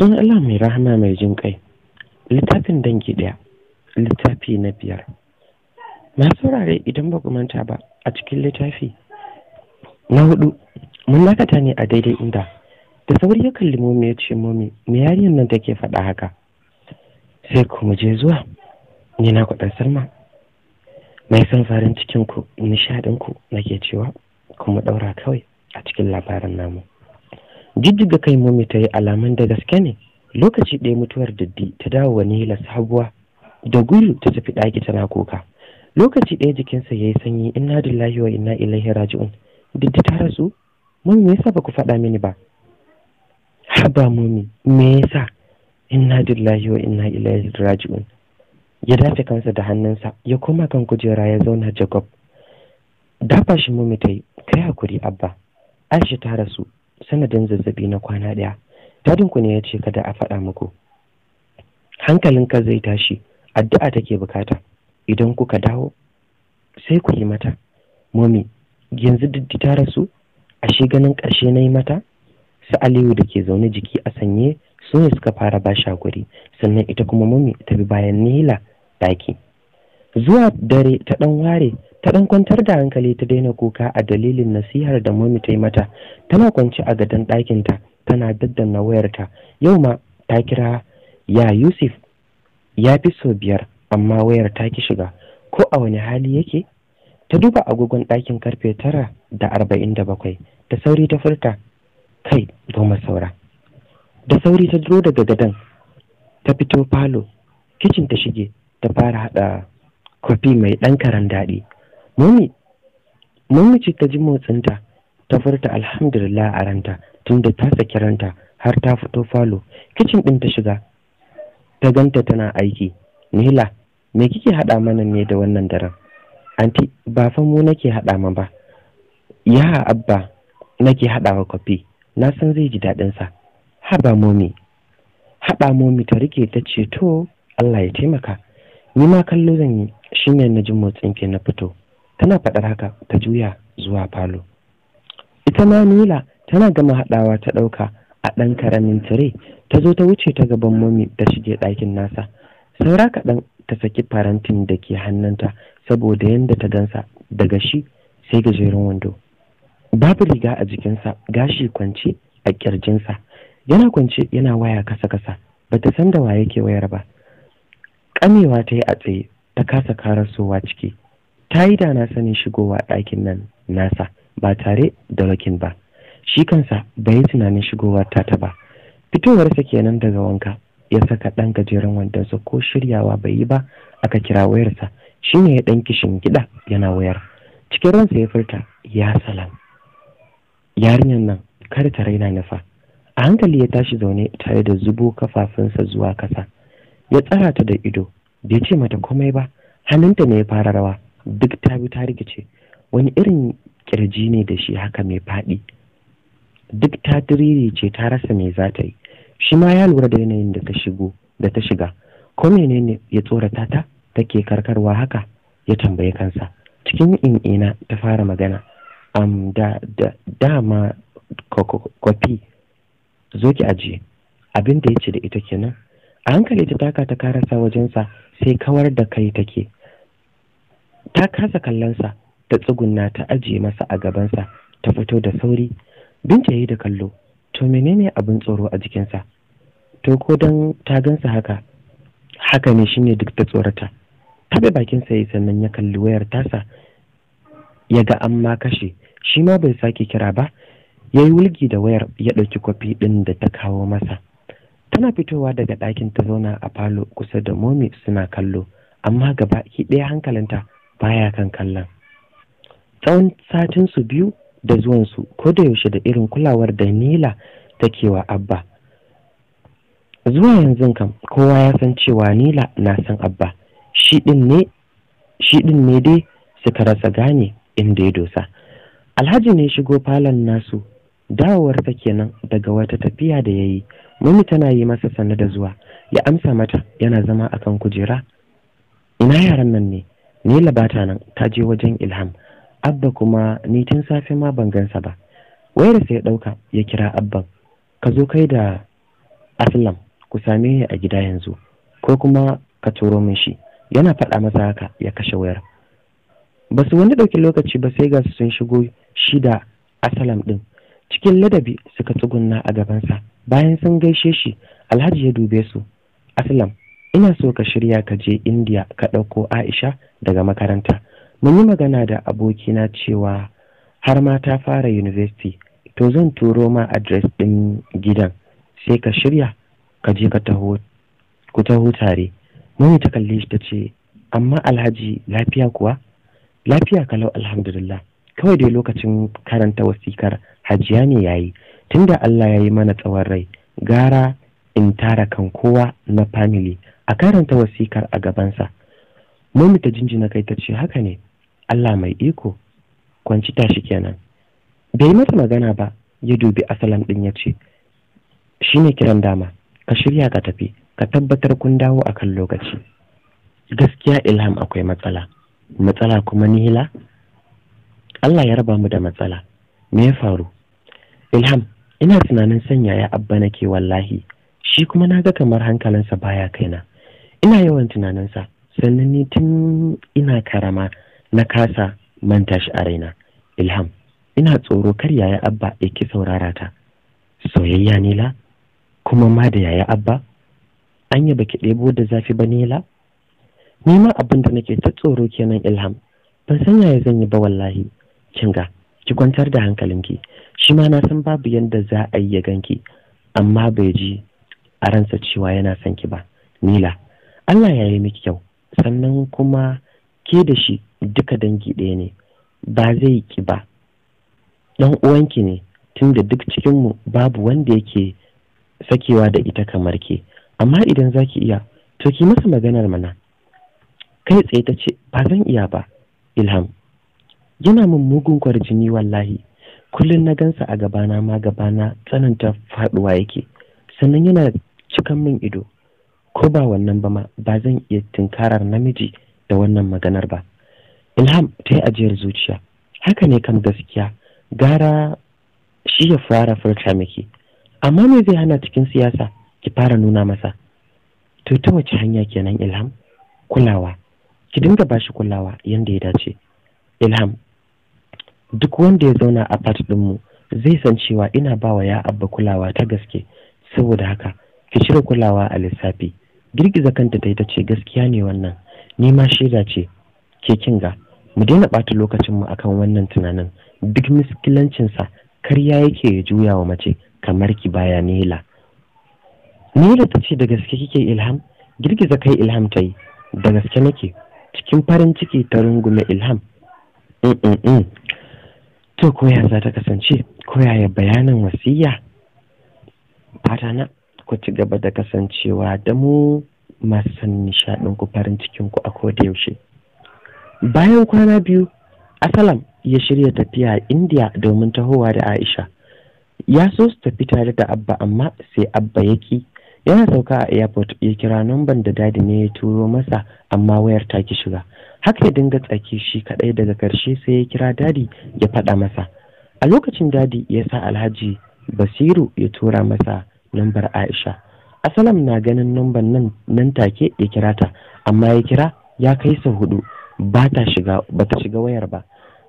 da Allah mai rahama mai jin kai littafin dangi ɗaya littafi na biyar masu saurare idan ba manta ba a cikin littafi na hudu mun lakata ne a daidai inda da sauri ya kalli momi ya ce momi me yariyan nan take faɗa haka sai ku je zuwa ni na kuɗin salma mai son farin cikin ku nishaɗin ku nake cewa kuma ɗaura kawai a cikin labarin namu jijjiga kai mummi ta yi alamun da gaske ne lokaci ɗaya mutuwar daddi ta dawo wa nila sabuwa da gudu ta tafi ɗaki tana kuka lokaci ɗaya jikinsa ya yi sanyi inna lillahi wa inna ilaihi raji'un diddi ta rasu mummi me yasa baku faɗa mini ba haba mummi me yasa inna lillahi wa inna ilaihi raji'un ya dace kansa da hannunsa ya koma kan kujera ya zauna jacob dafa shi mummi ta yi kai hakuri abba aisha ta rasu sanadin zazzabi na kwana ɗaya dadinku ne ya ce kada a faɗa muku Hankalin ka zai tashi addu'a take bukata idan kuka dawo sai ku yi mata momi yanzu diddi ta rasu ashe ganin ƙarshe na yi mata su aliyu da ke zaune jiki a sanye su ne suka fara ba shaguri sannan ita kuma momi ta bi bayan nila ɗaki zuwa dare ta ɗan ware ta ɗan kwantar da hankali ta daina kuka a dalilin nasihar da mami ta yi mata tana kwance a gadon ɗakinta tana daddanna wayarta yau ma ta kira ya yusuf ya fi sau biyar amma wayar ta ki shiga ko a wani hali yake ta duba agogon ɗakin karfe tara da arba'in da bakwai da sauri ta furta kai goma saura da sauri ta duro daga gadon ta fito falo kicin ta shige ta fara haɗa kofi mai ɗan karan daɗi mami mami ce ta ji motsinta ta furta alhamdulillah a ranta tunda ta saki ranta har ta fito falo kicin ɗin ta shiga ta ganta tana aiki nila me kike haɗa mana ne da wannan daren anti ba fa mu nake haɗa ma ba ya abba nake haɗawa kwafi na san zai ji sa haba momi haba momi ta rike ta ce to Allah ya taimaka ni ma kallo zan yi shine na ji motsin ke na fito tana faɗar haka ta juya zuwa falo ita ma nila tana gama haɗawa ta ɗauka a ɗan karamin tire ta zo ta wuce ta gaban mami da shige ɗakin nasa saura kaɗan ta saki farantin da ke hannunta saboda yadda ta gansa daga shi sai gajeren wando babu riga a jikinsa gashi kwance a ƙirjinsa yana kwance yana waya kasa-kasa ba ta san da wa yake wayar ba kamewa ta yi a tsaye ta kasa karasowa ciki ta yi da na sanin shigowa ɗakin nan nasa ba tare da lokin ba shi kansa bai yi tunanin shigowa ta ta ba fitowarsa kenan daga wanka ya saka ɗan gajeren wandonsa ko shiryawa bai yi ba aka kira wayarsa shine ya ɗan kishin gida yana wayar cikin ransa ya furta ya salam yarinyar nan kar ta raina nufa a hankali ya tashi zaune tare da zubo kafafunsa zuwa kasa ya tsara ta da ido bai ce mata komai ba hannunta ne ya fara rawa duk ta bi ta rikice wani irin kirji ne da shi haka mai faɗi duk ta diriri ce ta rasa mai za ta yi shi ma ya lura da yanayin da ta shigo da ta shiga ko menene ya tsorata ta take karkarwa haka ya tambayi kansa cikin ina-ina ta fara magana am da da dama kofi zo ki ajiye Abinda da ya ce da ita kenan a hankali ta taka ta karasa wajensa sai kawar da kai take ta kasa kallonsa ta tsugunna ta ajiye masa a gabansa ta fito da sauri binta yi da kallo to menene abin tsoro a jikinsa to ko don ta gansa haka haka ne shine duk ta tsorata bakin bakinsa yi sannan ya kalli wayar tasa ya ga an ma kashe shi ma bai sake kira ba ya yi wulgi da wayar ya ɗauki kwafi ɗin da ta kawo masa tana fitowa daga ɗakin ta zauna a falo kusa da momi suna kallo amma gaba ki ɗaya hankalinta baya kan kallon tsawon satin su biyu da zuwansu ko da yaushe da irin kulawar da nila take wa abba zuwa yanzu kam kowa ya san cewa nila na san abba shi ɗin ne dai suka rasa gane inda ya dosa alhaji ne shigo falon nasu Dawowar ta kenan daga wata tafiya da ya yi mami tana yi masa sannu da zuwa ya amsa mata yana zama akan kujera ina yaran nan ne Nila labata nan ta je wajen Ilham Abba kuma ni tun safe ma ban gansa ba wayar sai ya dauka ya kira Abba, ka zo kai da Aslam ku same ni a gida yanzu ko kuma ka turo min shi yana faɗa masa haka ya kashe wayar ba su wani ɗauki lokaci ba sai ga su sun shigo shi da Aslam ɗin cikin ladabi suka tsugunna a gabansa bayan sun gaishe shi alhaji ya dube su Aslam ina so ka shirya ka je indiya ka ɗauko aisha daga makaranta mun yi magana da abokina cewa har ma ta fara university to zan turo ma adres ɗin gidan sai ka shirya ka je ka taho ku taho tare mami ta kalle shi ta ce amma alhaji lafiya kuwa lafiya kalau alhamdulillah kawai dai lokacin karanta wasikar hajiya ne ya yayi tunda Allah ya yi mana tsawon rai gara in tara kan kowa na family a karanta wasikar a gabansa mummy ta jinjina kai ta ce haka ne Allah mai iko kwanci shi kenan bai mata magana ba ya dubi asalan din ya ce Shi ne kiran dama ka shirya ka tafi ka tabbatar kun dawo a kan lokaci gaskiya ilham akwai matsala matsala kuma nihila Allah ya raba mu da matsala me ya faru ilham ina tunanin sanya ya abba nake wallahi shi kuma na ga kamar hankalinsa baya kaina ina yawan tunaninsa sannan ni tun ina karama na kasa manta shi a raina ilham ina tsoro kar yaya abba ya ki saurara ta soyayya ne la kuma ma da yaya abba An yi baki ɗebo da zafi ba ne la ni ma abin da nake ta tsoro kenan ilham ban san yaya zan yi ba wallahi Kin ga. ki kwantar da hankalinki shi ma na san babu yadda za a yi ya ganki amma bai ji a ransa cewa yana son ki ba nila Allah ya yi miki kyau sannan kuma ke da shi duka dangi ɗaya ne ba zai ki ba ɗan uwanki ne tunda duk cikinmu babu wanda yake sakewa da ita kamar ke amma idan za ki iya to ki masa maganar mana kai tsaye ta ce ba zan iya ba ilham yana min mugun kwarjini wallahi kullum na gansa a gabana ma gabana tsananta faduwa yake sannan yana cikan min ido ko ba wannan ba ma ba zan iya tunkarar namiji da wannan maganar ba ilham ta yi ajiyar zuciya haka ne kan gaskiya gara shi ya fara furta miki amma me zai hana cikin siyasa ki fara nuna masa to ta wace hanya kenan ilham kulawa ki dinga ba shi kulawa yanda ya dace ilham duk wanda ya zauna a fat ɗinmu zai san cewa ina bawa ya abba kulawa ta gaske saboda haka ki cire kulawa a lissafi girgiza kanta ta ita ce gaskiya ne wannan ni ma shaida ce ke ga. mu daina ɓata lokacinmu akan wannan tunanin duk miskilancinsa karya yake ya juya wa mace kamar ki baya nela nela ta ce da gaske kike ilham girgiza kai ilham ta yi da gaske nake cikin farin ciki ta rungume ilham to koya za ta kasance koyaya bayanin wasiya fata na ku ci gaba da kasancewa da mu masu sanin nishaɗin ku farin cikin ku a da yaushe bayan kwana biyu asalam ya shirya tafiya a indiya domin tahowa da aisha ya so su tafi tare da abba amma sai abba ya ki yana sauka a airport ya kira namban da dadi ne ya turo masa amma wayar ta ki shiga haka ya dinga tsaki shi kadai daga ƙarshe sai ya kira dadi ya faɗa masa a lokacin dadi ya sa alhaji basiru ya tura masa lambar Aisha. Asalam na ganin lambar nan nan take ya kira ta, amma ya kira ya kai sa hudu ba ta shiga wayar ba.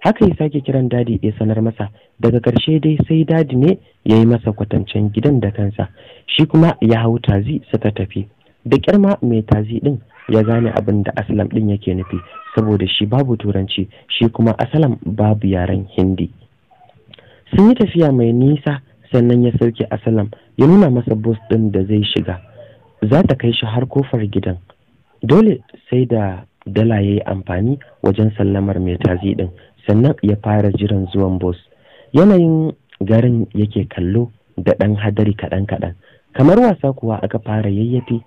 Haka ya sake kiran dadi ya sanar masa daga ƙarshe dai sai dadi ne ya yi masa kwatancen gidan da kansa shi kuma ya hau tazi suka tafi da kirma mai tazi din ya gane abin da asalam din yake nufi saboda shi babu turanci shi kuma asalam babu yaren hindi sun yi tafiya mai nisa sannan ya sauke asalam ya nuna masa bus ɗin da zai shiga za ta kai shi har kofar gidan dole sai da dala ya yi amfani wajen sallamar mai tazi ɗin sannan ya fara jiran zuwan bus yanayin garin yake kallo da ɗan hadari kaɗan-kaɗan kamar wasa kuwa aka fara yayyafi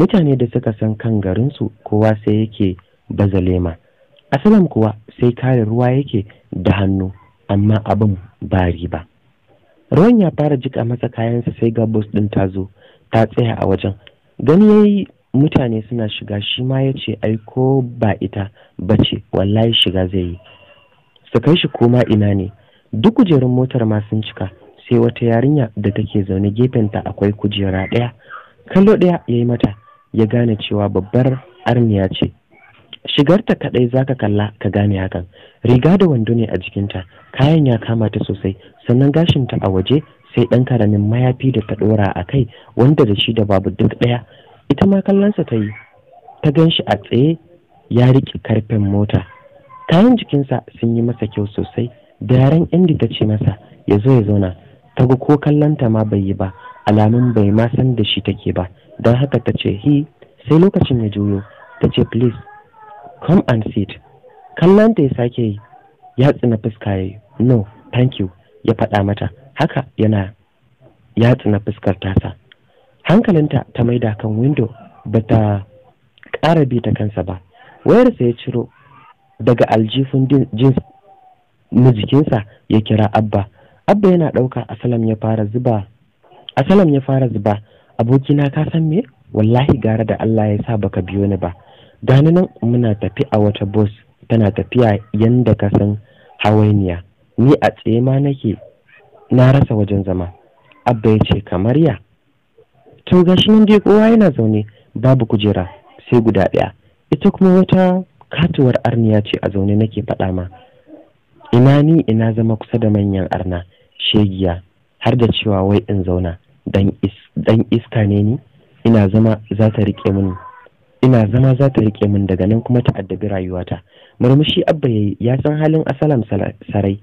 mutane da suka san kan garinsu kowa sai yake bazalema asalam kuwa sai kare ruwa yake da hannu amma abin ba riba ruwan ya fara jika masa kayansa sai ga bus din ta zo ta tsaya a wajen gani yayi mutane suna shiga shi ma ya ce ai ko ba ita ba ce wallahi shiga zai yi su kai shi koma ina ne duk kujerun motar ma sun cika sai wata yarinya da take zaune gefenta akwai kujera ɗaya kallo ɗaya ya yi mata ya gane cewa babbar armiya ce shigarta kadai zaka kalla ka gane hakan riga da wando ne a jikinta kayan ya kama ta sosai sannan gashinta a waje sai dan karamin mayafi da ta ɗora a kai wanda da shi da babu duk ɗaya ita ma kallonsa ta yi ta gan shi a tsaye ya riƙe karfin mota kayan jikinsa sun yi masa kyau sosai da yaren indi ta ce masa ya zo ya zauna ta ga ko kallonta ma bai yi ba alamun bai ma san da shi take ba don haka ta ce hi sai lokacin ya juyo ta ce please come and sit kallon ta ya sake yi ya tsina fuska ya yi no thank you ya faɗa mata haka yana ya tsina fuskar tasa hankalinta ta maida kan window ba ta ƙara bi ta kansa ba wayarsa ya ciro daga aljifin jins na jikinsa ya kira abba abba yana ɗauka asalam ya fara zuba asalam ya fara zuba abokina ka san me wallahi gara da allah ya sa baka biyo ni ba gani nan muna tafi a wata bus tana tafiya yadda ka san hawainiya ni a tsaye ma nake na rasa wajen zama abba ya ce kamar ya to gashi nan dai kowa yana zaune babu kujera sai guda ɗaya ita kuma wata katuwar arniya ce a zaune nake faɗa ma ina ni ina zama kusa da manyan arna shegiya har da cewa wai in zauna dan iska ne ni ina zama za ta riƙe mini ina zama za ta rike min daga nan kuma ta addabi rayuwata murmushi abba yayi ya san halin asalam sarai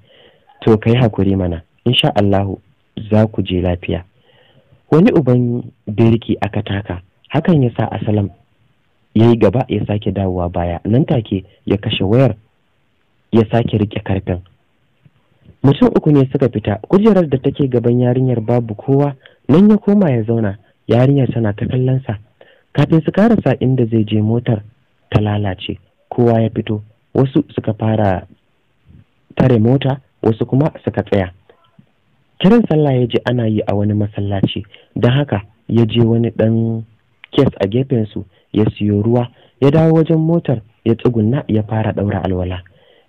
to kai hakuri mana insha Allahu za ku je lafiya wani uban birki a kataka hakan ya sa asalam ya yi gaba ya sake dawowa baya nan take ya kashe wayar ya sake rike karfin mutum uku ne suka fita kujerar da take gaban yarinyar babu kowa nan ya koma ya zauna yarinyar tana ta kallon sa kafin su karasa inda zai je motar ta lalace kowa ya fito wasu suka fara tare mota wasu kuma suka tsaya kiran sallah ya je ana yi a wani masallaci don haka ya je wani ɗan kes a gefensu ya siyo ruwa ya dawo wajen motar ya tsugunna ya fara ɗaura alwala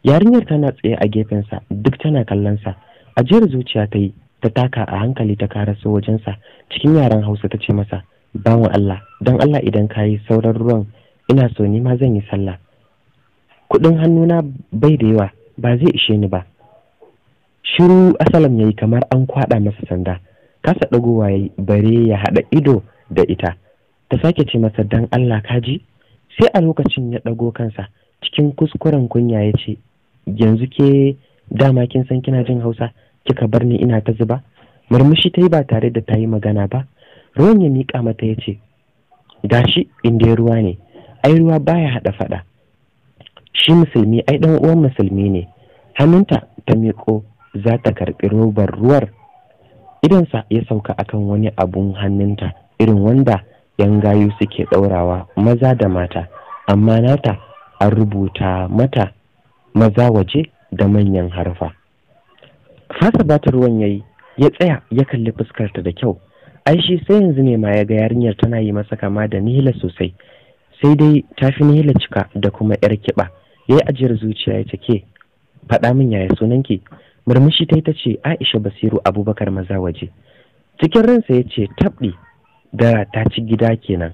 yarinyar tana tsaye a gefensa duk tana kallonsa ajiyar zuciya ta yi ta taka a hankali ta karaso wajensa cikin yaren hausa ta ce masa bawan Allah don Allah idan ka yi sauran ruwan ina so ni ma zan yi sallah kudin hannuna bai da yawa ba zai ishe ni ba shiru asalam yi kamar an kwada masa sanda kasa dagowa yayi bare ya hada ido da ita ta sake ce masa dan Allah kaji sai a lokacin ya dago kansa cikin kuskuren kunya ya ce yanzu ke dama kin san kina jin Hausa kika bar ni ina ta zuba murmushi ta yi ba tare da ta yi magana ba ruwan ya miƙa mata ya ce gashi inda ruwa ne ai ruwa baya haɗa faɗa shi musulmi ai ɗan uwan musulmi ne hannunta ta miƙo za ta karɓi robar ruwar idansa ya sauka akan wani abun hannunta irin wanda yan gayu suke ɗaurawa maza da mata amma nata an rubuta mata maza waje da manyan harfa fasa bata ruwan yayi ya tsaya ya kalli fuskarta da kyau ai shi sai yanzu ne ma ya ga yarinyar tana yi masa kama da nihila sosai sai dai ta fi nihila cika da kuma yar kiba ya yi ajiyar zuciya ya take faɗa min yaya sunanki murmushi ta yi ta ce aisha basiru abubakar maza waje cikin ransa ya ce tabɗi dara ta ci gida kenan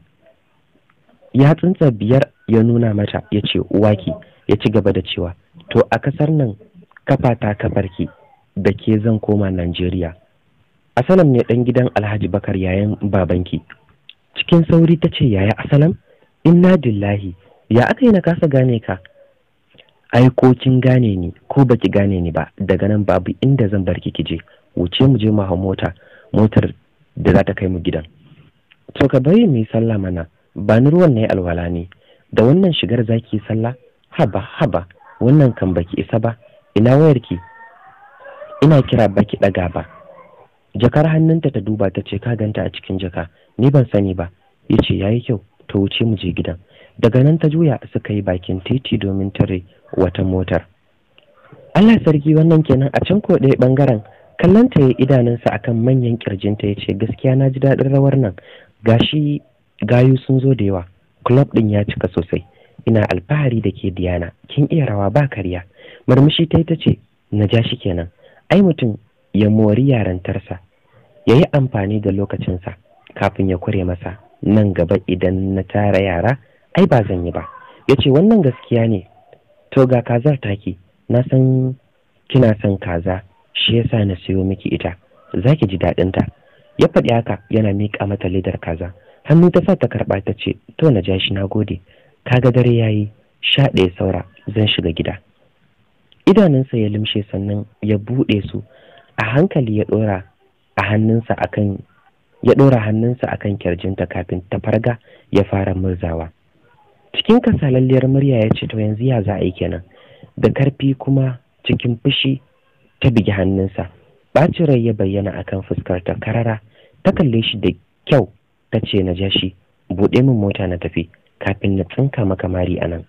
ya tsinta biyar ya nuna mata ya ce uwaki ya ci gaba da cewa to a kasar nan kafa ta kafarki da ke zan koma najeriya asalam ne ɗan gidan alhaji bakar yayan babanki cikin sauri ta ce yaya asalam inna dillahi ya aka yi na kasa gane ka ai ko kin gane ni ko baki gane ni ba daga nan babu inda zan bar ki je wuce mu je mu hau mota motar da za ta kai mu gidan to ka bari mu yi sallah mana ba ni ruwan ne alwala ne da wannan shigar zaki sallah haba haba wannan kan baki isa ba ina wayarki ina kira baki ɗaga ba jakar hannunta ta duba ta ce ka ganta a cikin jaka ni ban sani ba ya ce ya yi kyau ta wuce mu je gidan daga nan ta juya suka yi bakin titi domin tare wata motar Allah sarki wannan kenan a can ko ɗaya bangaren kallon ta yi idanunsa akan manyan ƙirjinta ya ce gaskiya na ji daɗin rawar nan gashi gayu sun zo da yawa club ɗin ya cika sosai ina alfahari da ke diyana kin iya rawa ba karya murmushi ta yi ta ce na ja shi kenan ai mutum ya mori yarantarsa ya yi amfani da lokacinsa kafin ya kure masa nan gaba idan na tara yara ai ba zan yi ba ya ce wannan gaskiya ne to ga kazar taki na san kina son kaza shi yasa na siyo miki ita za ki ji daɗinta ya faɗi haka yana miƙa mata ledar kaza hannu ta sa ta karɓa ta ce to na ja shi na gode kaga dare yayi sha ɗaya saura zan shiga gida idanunsa ya limshe sannan ya buɗe su a hankali ya ɗora a hannunsa akan ya ɗora hannunsa akan kirjinta kafin ta farga ya fara murzawa cikin kasalalliyar murya ya ce to yanzu ya za a yi kenan da karfi kuma cikin fushi ta bigi hannunsa ɓacin rai ya bayyana akan fuskar ta karara ta kalle shi da kyau ta ce na ja shi buɗe min mota na tafi kafin na tsinka maka mari anan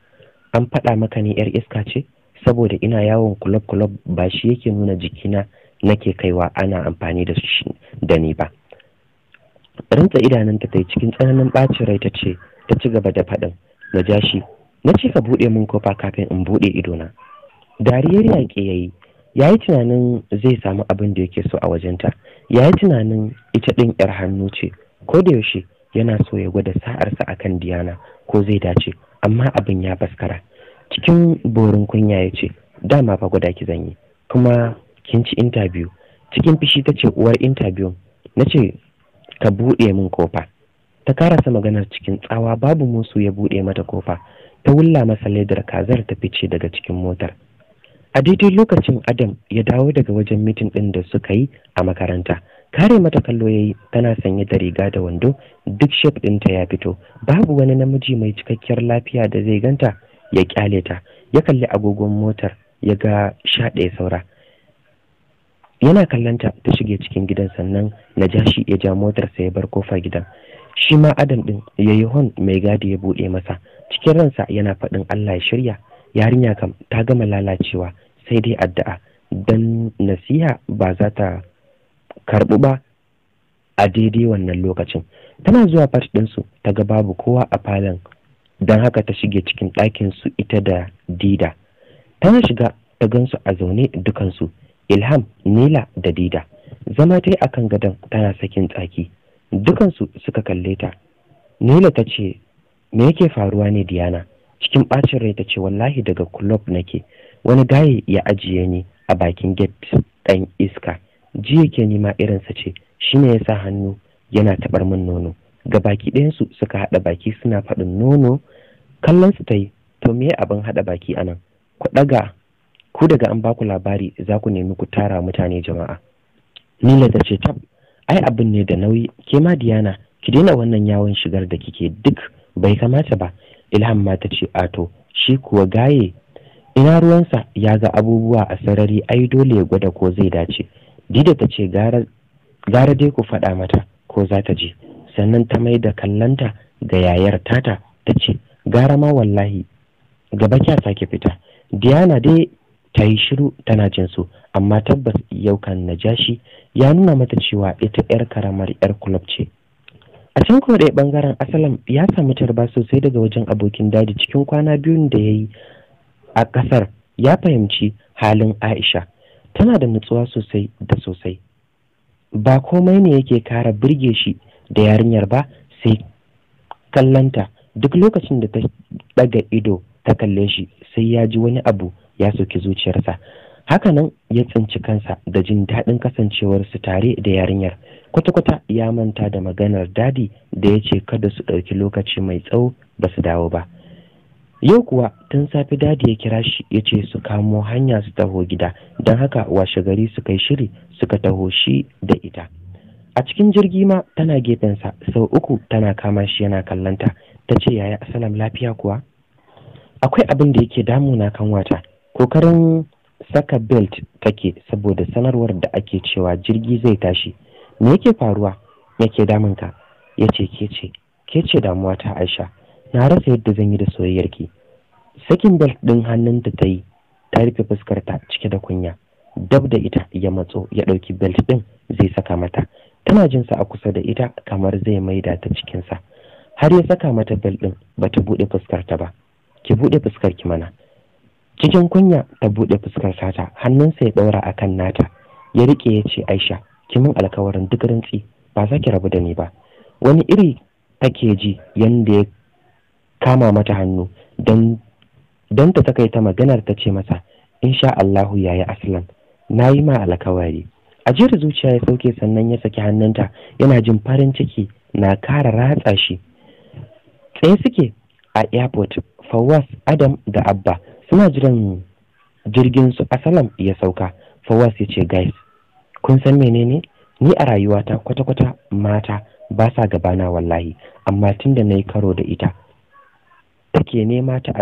an faɗa maka ne yar iska ce saboda ina yawon kulob kulob ba shi yake nuna jikina nake kaiwa ana amfani da shi da ni ba rantsa idanunta ta cikin tsananin ɓacin rai ta ce ta ci gaba da faɗin na ja shi na ce ka buɗe min kofa kafin in buɗe idona dariyar yaƙi ya yi ya yi tunanin zai samu abin da yake so a wajenta ya yi tunanin ita ɗin yar hannu ce ko da yaushe yana so ya gwada sa'arsa a kan diyana ko zai dace amma abin ya baskara cikin borin kunya ya ce dama fa gwada ki zan yi kuma kin ci interview cikin fishi ta ce uwar interview na ce ka buɗe min kofa ta karasa maganar cikin tsawa babu musu ya buɗe mata kofa ta wulla masa ledar kazar ta fice daga cikin motar a daidai lokacin adam ya dawo daga wajen mitin ɗin da suka yi a makaranta kare mata kallo ya yi tana sanye da riga da wando duk shape ɗinta ya fito babu wani namiji mai cikakkiyar lafiya da zai ganta ya kyale ta ya kalli agogon motar ya ga sha saura yana kallanta ta shige cikin gidan sannan na jashi shi ya ja motarsa ya bar kofar gidan shi ma adam din ya yi hon mai gadi ya buɗe masa cikin ransa yana faɗin allah ya shirya yarinya kam ta gama lalacewa sai dai addu'a don nasiha ba za ta karɓu ba a daidai wannan lokacin tana zuwa fat ɗinsu ta ga babu kowa a falon don haka ta shige cikin ɗakin su ita da dida tana shiga ta gansu a zaune dukansu ilham nila da dida zama ta yi a kan gadon tana sakin tsaki dukansu suka kalle ta nila ta ce me yake faruwa ne diana cikin ɓacin rai ta ce wallahi daga club nake wani gaye ya ajiye ni a bakin get ɗan iska ji yake nima irinsa ce shine ya sa hannu yana taɓar min nono ga baki ɗayansu suka haɗa baki suna faɗin nono kallon su ta yi to me abin haɗa baki anan ku ɗaga ku daga an baku labari za ku nemi ku tara mutane jama'a nila da ce tab ai abin ne da nauyi ke ma Diana, ki daina wannan yawon shigar da kike duk bai kamata ba ilham ma ta ce ato shi kuwa gaye ina ruwansa ya ga abubuwa a sarari ai dole ya gwada ko zai dace dida ta ce gara dai ku faɗa mata ko za ta je sannan ta mai da kallanta ga yayar tata ta ce gara ma wallahi gaba kya sake fita diana dai ta yi shiru tana jin su amma tabbas yau kan najashi ya nuna mata cewa ita yar karamar yar kulob ce a can kuma ɗaya ɓangaren asalam ya samu tarba sosai daga wajen abokin daji cikin kwana biyun da ya yi a ƙasar ya fahimci halin aisha tana da nutsuwa sosai da sosai ba komai ne yake kara birge shi da yarinyar ba sai kallanta duk lokacin da ta ɗaga ido ta kalle shi sai ya ji wani abu ya soki zuciyarsa hakanan ya tsinci kansa da jin daɗin kasancewarsu tare da yarinyar kwata-kwata ya manta da maganar dadi da ya ce kada su ɗauki lokaci mai tsawo ba su dawo ba yau kuwa tun safi dadi ya kira shi ya ce su kamo hanya su taho gida don haka washe gari suka yi shiri suka taho shi da ita a cikin jirgi ma tana gefensa sau uku tana kama shi yana kallanta ta ce yaya asalam lafiya kuwa akwai abin da yake damuna kan wata kokarin saka belt take saboda sanarwar da ake cewa jirgi zai tashi me yake faruwa yake damunka ya ce ke ce damuwa ta aisha na rasa yadda zan yi da soyayyarki sakin belt ɗin hannun da ta yi ta rufe fuskarta cike da kunya dab da ita ya matso ya ɗauki belt ɗin zai saka mata tana jin sa a kusa da ita kamar zai maida ta cikinsa har ya saka mata belt ɗin bata buɗe ta ba ki buɗe fuskar ki mana cikin kunya ta buɗe fuskar sata hannunsa ya ɗaura a kan nata ya riƙe ya ce aisha kimin alkawarin duk rintsi ba za ki rabu da ni ba wani iri take ji yadda ya kama mata hannu don ta takaita maganar ta ce masa insha Allahu yayi aslan na yi ma alkawari ajiyar zuciya ya sauke sannan ya saki hannunta yana jin farin ciki na kara ratsa shi tsaye suke a airport fawwas adam da abba suna jiran jirgin su asalam ya sauka fawas ya ce guys kun san menene ni a rayuwata kwata-kwata mata ba sa gabana wallahi amma tunda na yi karo da ita take nema ta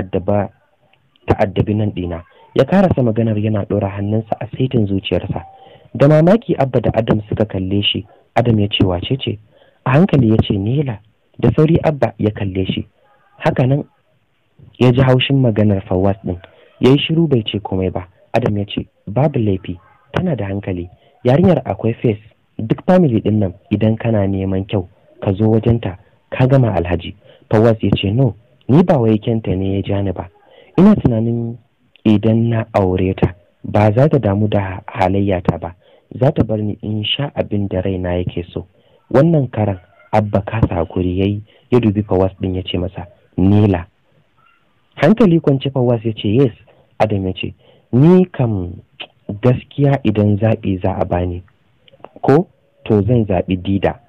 addabi nan ɗina ya karasa maganar yana ɗora hannunsa a saitin zuciyarsa da mamaki abba da adam suka kalle shi adam ya ce wace ce a hankali ya ce nela da sauri abba ya kalle shi Haka nan. ya ji haushin maganar fawaz din ya yi shiru bai ce komai ba adam ya ce babu laifi tana da hankali yarinyar akwai fes duk family din nan idan kana neman kyau ka zo wajenta ka gama alhaji fawaz ya ce no ni ba wai kenta ne ya ja ni ba ina tunanin idan na aure ta ba za ta damu da halayyata ba za ta bar ni in sha abin da raina yake so wannan karan abba kasa hakuri yayi ya dubi fawas din ya ce masa nila hankali kwanci fawaz ya ce yes adam ya ce ni kam gaskiya idan zaɓi za a bani ko to zan zaɓi dida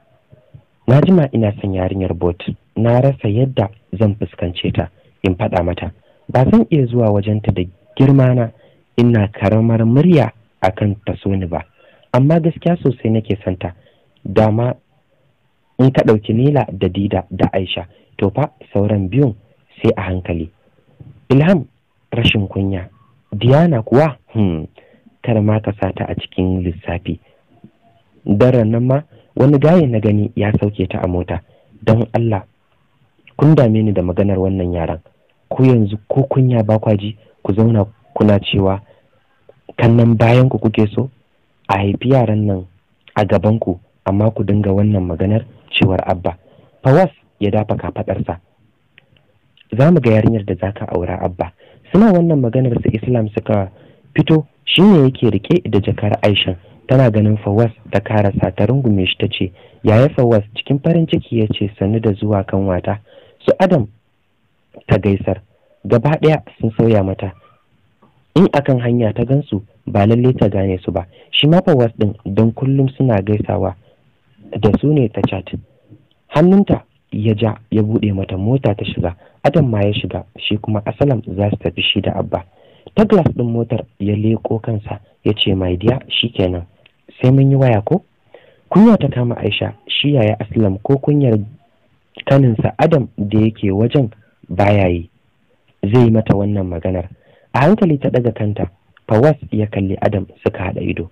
na jima ina son yarinyar bot na rasa yadda zan fuskance ta in faɗa mata ba zan iya zuwa wajenta da girmana ina karamar murya akan ta so ni ba amma gaskiya sosai nake santa dama in ka ɗauki nila da dida da aisha to fa sauran biyun sai a hankali ilham rashin kunya diana kuwa hmm, kar ma ka sata a cikin lissafi daren nan ma wani gaye na gani ya sauke ta a mota don allah kun dame ni da maganar wannan yaran ku yanzu ko kunya ba kwaji ku zauna kuna cewa kannan bayan ku kuke so a haifi yaran nan a gabanku amma ku dinga wannan maganar cewar abba fawas ya dafa kafaɗarsa. za mu ga yarinyar da za ka aura abba suna wannan maganar su islam suka fito shi shine yake rike da jakar aisha tana ganin fawas da karasa ta rungume shi ta ce yaya fawas cikin farin ciki ya ce sannu da zuwa kan wata su adam ta gaisar gaba ɗaya sun sauya mata in akan hanya ta gansu ba lalle ta gane su ba shi ma fawas ɗin don kullum suna gaisawa da su ne ta chat hannunta ya ja ya bude mata mota ta shiga adam ma ya shiga shi kuma asalam za su tafi shi da abba ta glas din motar ya leko kansa ya ce mai diya kenan sai mun yi waya ko kunya ta kama aisha shi yaya Asalam ko kunyar kaninsa adam da yake wajen baya yi zai mata wannan maganar a hankali ta daga kanta fawas ya kalli adam suka hada ido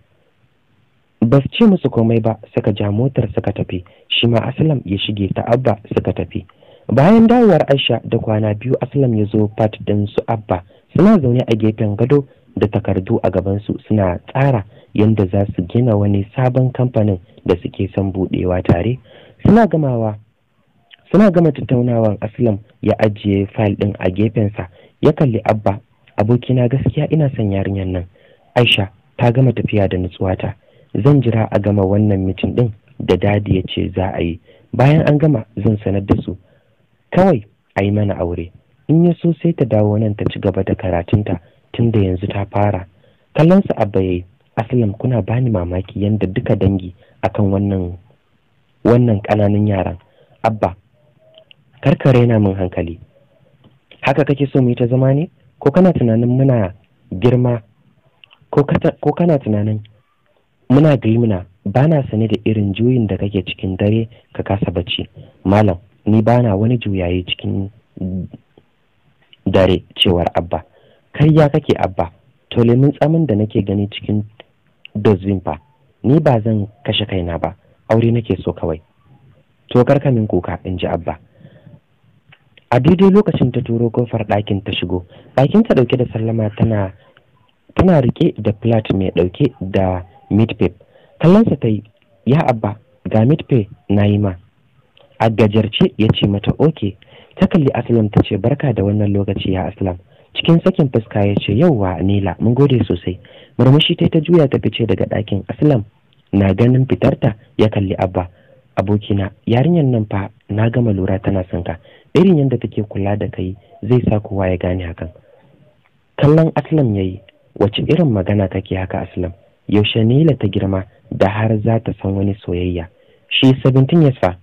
ba su ce musu komai ba suka ja motar suka tafi shi ma aslam ya shige ta abba suka tafi bayan dawowar aisha da kwana biyu aslam ya zo fat din su abba suna zaune a gefen gado da takardu a gabansu suna tsara yadda za su gina wani sabon kamfanin da suke son budewa tare suna gama tattaunawan aslam ya ajiye fayil din a gefensa ya kalli abba abokina gaskiya ina son yarinyar nan aisha ta gama tafiya da nutsuwata zan jira a gama wannan mitin din da dadi ya ce za a yi bayan an gama zan sanar da su kawai a yi mana aure in ya so sai ta dawo nan ta ci gaba da karatunta tun da yanzu ta fara kallonsa a yi, asalin kuna bani mamaki yadda duka dangi akan wannan wannan ƙananan yaran abba karkare na min hankali haka kake so mu yi ta zama ne ko kana tunanin muna girma ko kana tunanin muna grimina ba na sane da irin juyin da kake cikin dare ka kasa bacci malam ni ba na wani juyaye cikin dare cewar abba kai ya kake abba to lemun tsamin da nake gani cikin dozbin fa ni ba zan kashe kaina ba aure nake so kawai to karkamin kuka in ji abba a daidai lokacin ta turo kofar ɗakin ta shigo ɗakin ɗauke da sallama tana tana rike da plat mai ɗauke da midpay kallonsa ta yi ya abba ga midpay na yi ma a gajarce ya ce mata oke ta kalli aslam ta ce barka da wannan lokaci ya aslam cikin sakin fuska ya ce yau wa nila mun gode sosai murmushi ta ta juya ta fice daga ɗakin aslam na ganin fitarta ya kalli abba abokina yarinyar nan fa na gama lura tana son ka irin yadda take kula da kai zai sa kowa ya gane hakan kallon aslam ya yi wace irin magana kake haka aslam yaushe Nila ta girma da har za ta san wani soyayya shi 17 years fa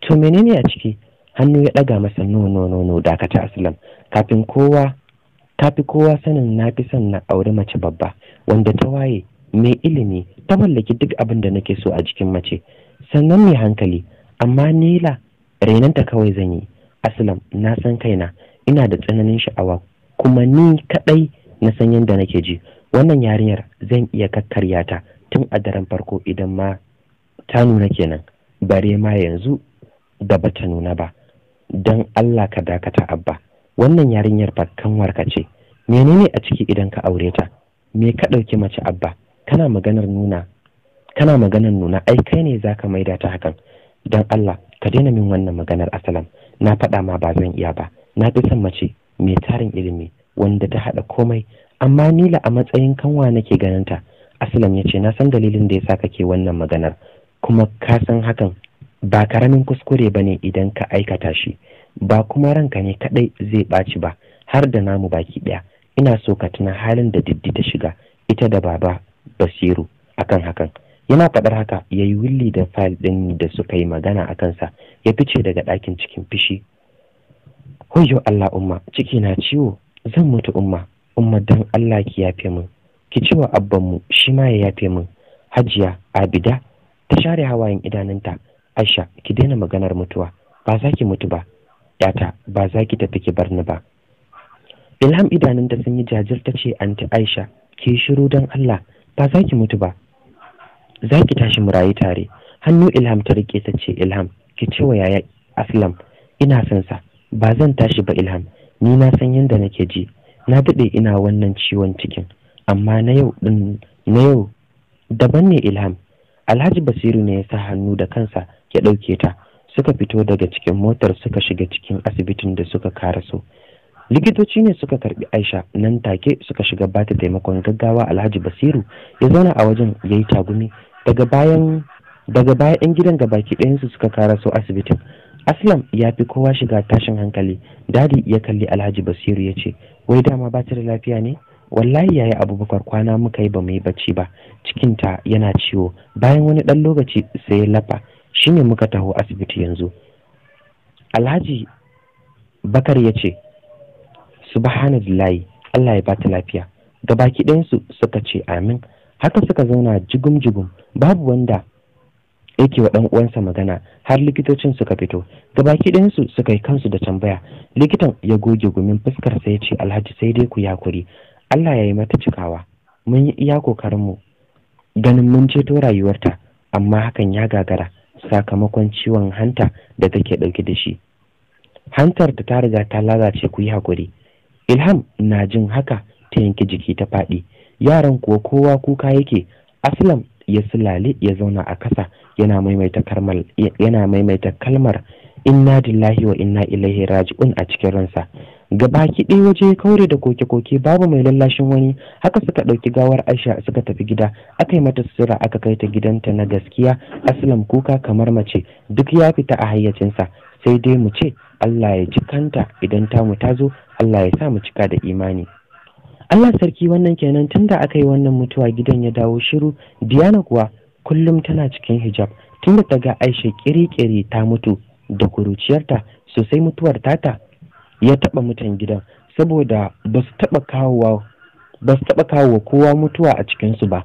to menene a ciki hannu ya ɗaga masa no no dakata aslam kafin kowa kafi kowa sanin na fi son na auri mace babba wanda ta waye mai ilimi ta mallaki duk abin da nake so a jikin mace sannan mai hankali amma nila renanta kawai zan yi aslam na san kaina ina da tsananin sha'awa kuma ni kadai na san yadda nake ji wannan yarinyar zan iya kakkarya ta tun a daren farko idan ma ta nuna kenan bare ma yanzu da bata nuna ba don Allah ka dakata abba wannan yarinyar warka ce menene a ciki idan ka aure ta me ka ɗauki mace abba kana maganar nuna maganar nuna ai kai ne zaka maida ta hakan don Allah ka daina min wannan maganar asalam na faɗa ma ba zan iya ba na fi son mace mai tarin ilimi wanda ta haɗa komai amma nila a matsayin kanwa nake ganinta Asalam ya ce na san dalilin da ya sa kake wannan maganar kuma ka san hakan ba karamin kuskure ba ne idan ka aikata shi ba kuma ranka ne kadai zai ɓaci ba har da namu baki ɗaya ina so ka tuna halin da diddi ta shiga ita da baba basiru akan hakan yana faɗar haka ya yi willi da fayil ɗin da suka yi magana a kansa ya fice daga ɗakin cikin fishi hoyo allah umma ciki na ciwo zan mutu umma umma dan Allah ki yafe min ki ciwa abban mu shi ma ya yafe min hajiya abida ta share hawayen idanunta aisha ki daina maganar mutuwa ba za ki mutu ba yata ba za ki tafi ki bar ni ba ilham idanunta sun yi jajir ta ce anti aisha ki shiru dan Allah ba za ki mutu ba za ki tashi mu rayu tare hannu ilham ta rike ta ce ilham ki ce yaya aslam ina son sa ba zan tashi ba ilham ni na san yadda nake ji na daɗe ina wannan ciwon cikin amma na yau ɗin na yau daban ne ilham alhaji basiru ne ya sa hannu da kansa ya ɗauke ta suka fito daga cikin motar suka shiga cikin asibitin da suka karaso likitoci ne suka karbi aisha nan take suka shiga ba ta taimakon gaggawa alhaji basiru ya zauna a wajen ya yi tagumi daga bayan daga baya yan gidan gabaki ɗayansu suka karaso asibitin aslam ya fi kowa shiga tashin hankali dadi ya kalli alhaji basiru ya ce wai dama ba ta da lafiya ne wallahi ya yayi abubakar kwana muka yi ba mu yi bacci ba cikinta yana ciwo bayan wani ɗan lokaci sai ya lafa ne muka taho asibiti yanzu alhaji bakar ya ce subhanallahi allah ya bata lafiya gabaki ɗayansu suka ce amin haka suka zauna jigum-jigum babu wanda yake wa ɗan uwansa magana har likitocin suka fito gabaki ɗayansu suka yi kansu da tambaya likitan ya goge gumin fuskar sa ya ce alhaji sai dai ku yakuri allah ya yi mata cikawa mun yi iya mu ganin mun ceto rayuwarta amma hakan ya gagara sakamakon ciwon hanta da take ɗauke da shi hantar da ta riga ta lalace ku yi hakuri ilham na jin haka ta yanke jiki ta faɗi yaran kuwa kowa kuka yake aslam ya sulale ya zauna a kasa yana maimaita kalmar yana maimaita kalmar inna lillahi wa inna ilaihi raji'un a cikin ransa gabaki ɗaya waje kaure da koke-koke babu mai lallashin wani haka suka ɗauki gawar aisha suka tafi gida aka yi mata sutura aka kai ta gidanta na gaskiya aslam kuka kamar mace duk ya fita a hayyacinsa sai dai mu ce allah ya ci kanta idan tamu ta zo allah ya sa mu cika da imani allah sarki wannan kenan tunda aka yi wannan mutuwa gidan ya dawo shiru diana kuwa kullum tana cikin hijab tun da ga aisha kirikiri ta mutu da kuruciyarta sosai mutuwar tata ya taba mutan gidan saboda ba su taba kawowa ba kowa mutuwa a cikinsu ba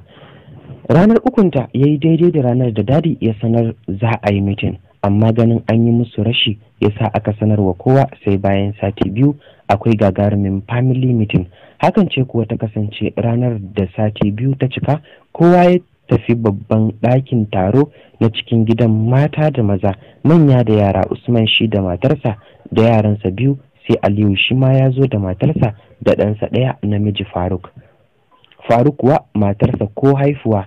ranar ukunta ya yi daidai da ranar da dadi ya sanar za a yi mitin amma ganin an yi musu rashi ya sa aka sanarwa kowa sai bayan sati biyu akwai gagarumin family meeting hakan ce kuwa ta kasance ranar da sati biyu ta cika kowa ya tafi babban ɗakin taro na cikin gidan mata da maza manya da yara usman shi da matarsa da yaransa biyu sai aliyu shi ma ya zo da matarsa da ɗansa ɗaya namiji faruk faruk kuwa matarsa ko haifuwa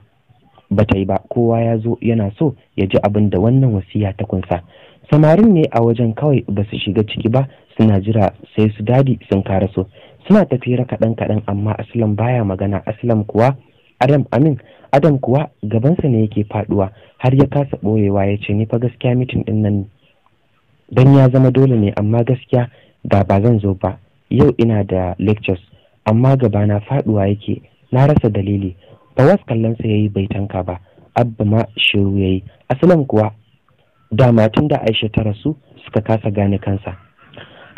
ba ta yi ba kowa ya zo yana so ya ji abin da wannan wasiya ta kunsa samarin ne a wajen kawai ba su shiga ciki ba suna jira sai su dadi sun karaso suna tafira kaɗan kaɗan amma aslam baya magana aslam kuwa adam amin adam kuwa gabansa ne yake faduwa har ya kasa ɓoyewa ya ce ni fa gaskiya mitin din nan dan ya zama dole ne amma gaskiya da ba zan zo ba yau ina da lectures amma gabana faduwa yake na rasa dalili Fawaz kallonsa ya yi bai tanka ba abba ma shiru ya asalan kuwa dama tun da aisha ta rasu suka kasa gane kansa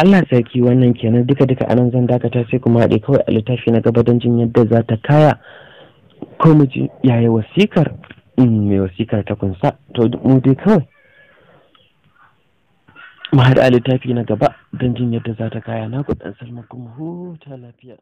Allah sarki wannan kenan duka duka anan zan dakata sai kuma haɗe kawai a littafi na gaba don jin yadda za ta kaya ko mu ji yaya wasikar mai wasikar ta kunsa to mu dai kawai mu haɗa littafi na gaba don jin yadda za ta kaya na kuɗin salma kuma huta lafiya